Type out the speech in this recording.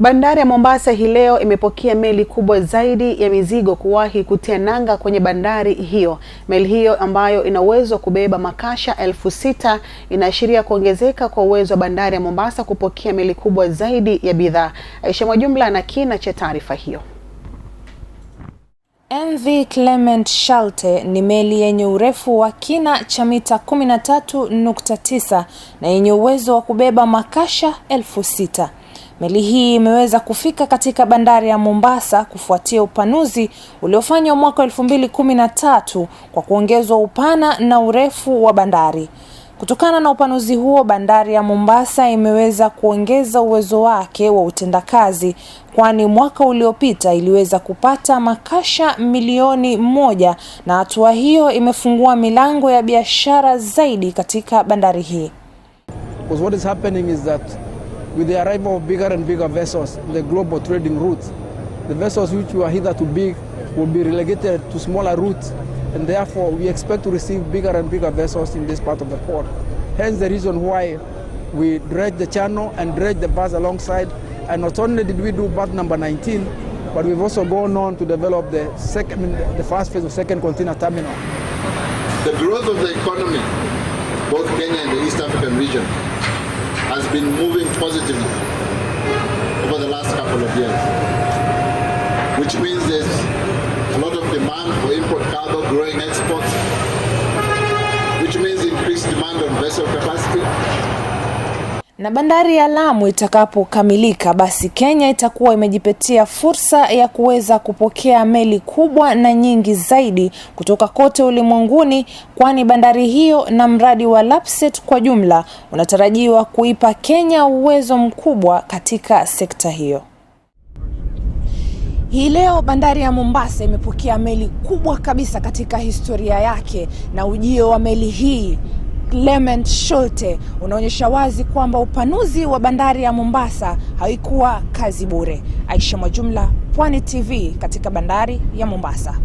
Bandari ya Mombasa hii leo imepokea meli kubwa zaidi ya mizigo kuwahi kutia nanga kwenye bandari hiyo. Meli hiyo ambayo ina uwezo wa kubeba makasha elfu sita inaashiria kuongezeka kwa uwezo wa bandari ya Mombasa kupokea meli kubwa zaidi ya bidhaa. Aisha Mwajumla na kina cha taarifa hiyo. MV Clement Shalte ni meli yenye urefu wa kina cha mita 13.9 na yenye uwezo wa kubeba makasha elfu sita. Meli hii imeweza kufika katika bandari ya Mombasa kufuatia upanuzi uliofanywa mwaka 2013 kwa kuongezwa upana na urefu wa bandari. Kutokana na upanuzi huo, bandari ya Mombasa imeweza kuongeza uwezo wake wa utendakazi, kwani mwaka uliopita iliweza kupata makasha milioni moja, na hatua hiyo imefungua milango ya biashara zaidi katika bandari hii. With the arrival of bigger and bigger vessels in the global trading routes, the vessels which were hitherto big will be relegated to smaller routes, and therefore we expect to receive bigger and bigger vessels in this part of the port. Hence the reason why we dredged the channel and dredged the bars alongside. And not only did we do bath number 19, but we've also gone on to develop the second, the first phase of second container terminal. The growth of the economy, both Kenya and the East African region, has been moving positively over the last couple of years, which means there's a lot of demand for import cargo, growing exports, which means increased demand on vessel capacity. Na bandari ya Lamu itakapokamilika basi Kenya itakuwa imejipatia fursa ya kuweza kupokea meli kubwa na nyingi zaidi kutoka kote ulimwenguni, kwani bandari hiyo na mradi wa Lapset kwa jumla unatarajiwa kuipa Kenya uwezo mkubwa katika sekta hiyo. Hii leo bandari ya Mombasa imepokea meli kubwa kabisa katika historia yake na ujio wa meli hii Clement Schulte unaonyesha wazi kwamba upanuzi wa bandari ya Mombasa haikuwa kazi bure. Aisha Mwajumla, Pwani TV katika bandari ya Mombasa.